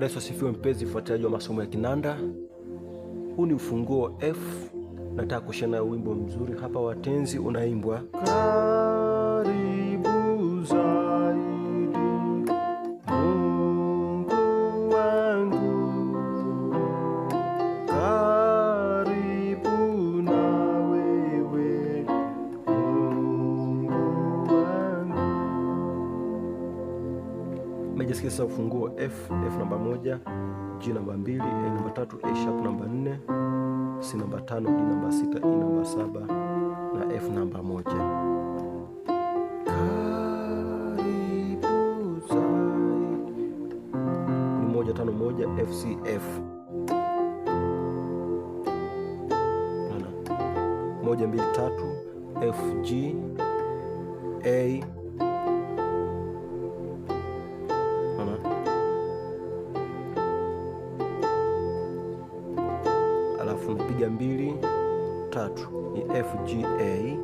Bwana Yesu asifiwe, mpenzi mfuatiliaji wa masomo ya kinanda. Huu ni ufunguo wa F. Nataka kushana wimbo mzuri hapa, watenzi unaimbwa Kari. Jessica sasa ufunguo F, F namba moja, G namba mbili, A e namba tatu, A e sharp namba nne, C namba tano, D namba sita, E namba saba na F namba moja. Ni moja tano moja F C F moja mbili tatu F G A tatu ni FGA,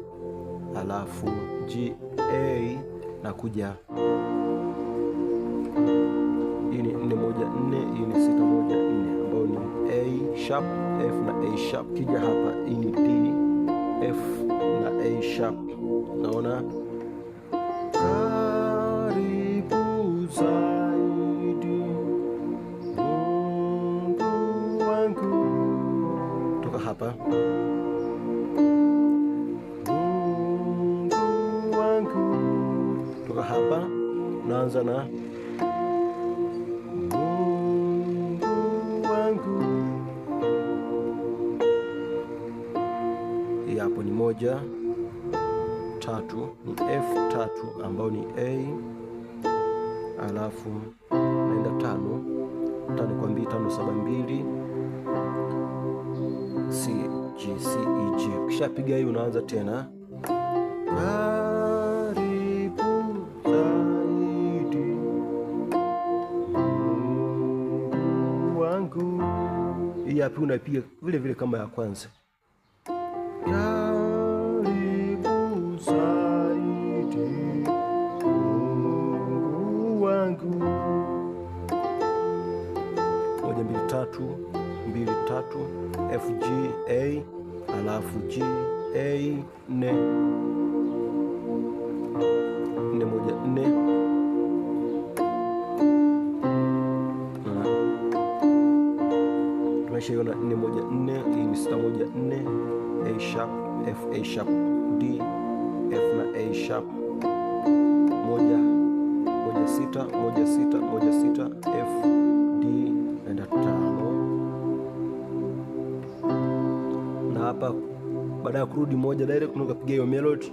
alafu GA na kuja hii ni nne moja nne, hii ni sita moja nne, ambayo ni A sharp F na A sharp. Kija hapa hii ni D F na A sharp, naona naanza na e, hapo ni moja tatu, ni F tatu ambayo ni A, alafu naenda tano tano kwa mbili tano saba mbili C G C E G. Ukishapiga hii unaanza tena ah. pili ya pili unapiga vile vile kama ya kwanza. Karibu wangu. Moja, mbili, tatu, mbili, tatu, F, G, A, alafu G, A, nne moja nne, hii ni nne, A sharp F A sharp D F na A sharp moja moja sita moja sita moja sita F D naenda tano na hapa baada ya kurudi moja direct unapiga hiyo melody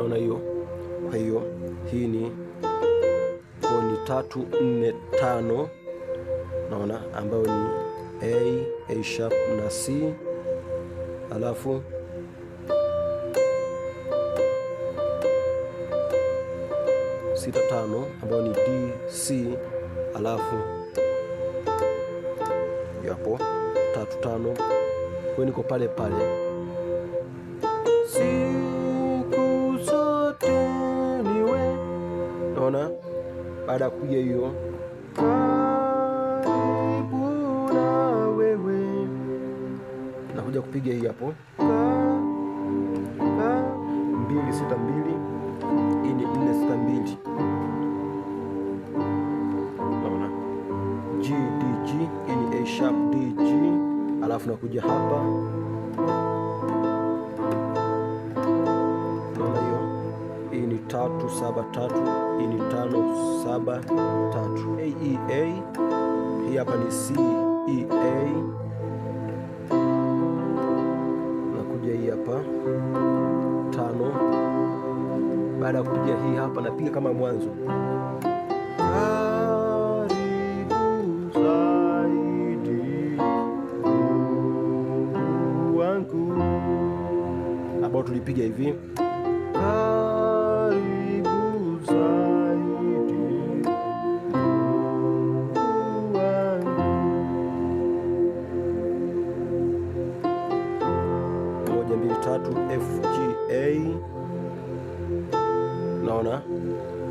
unaona hiyo. Kwa hiyo hii ni koni tatu nne tano, naona ambayo ni A, A sharp na C, alafu sita tano ambayo ni D, C, alafu yapo tatu tano, kwa niko pale pale Unaona, baada ya kupiga hiyo nakuja kupiga hii hapo mbili sita mbili, hii ni nne sita mbili, naona G D G, hii ni A sharp D G, alafu nakuja hapa tatu saba tatu. Hii ni tano saba tatu. AEA e, hii hapa ni CEA na kuja hii hapa tano. Baada ya kupiga hii hapa napiga kama mwanzo ambao tulipiga hivi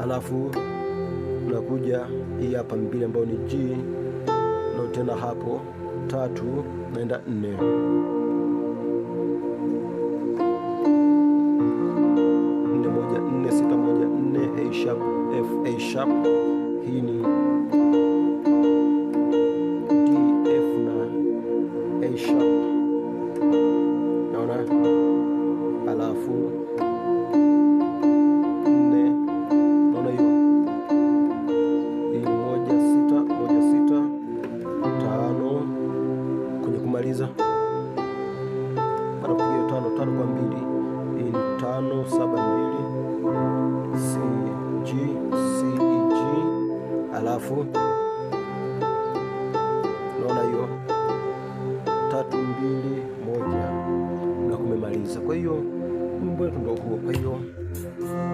alafu unakuja hii hapa mbili ambayo ni G na tena hapo tatu naenda nne nne moja nne sita moja nne A sharp F A sharp maliza bado piga tano tano kwa mbili hii ni tano saba mbili C G C E G alafu naona hiyo tatu mbili moja na kumemaliza. Kwa hiyo wimbo wetu ndio huo. Kwa hiyo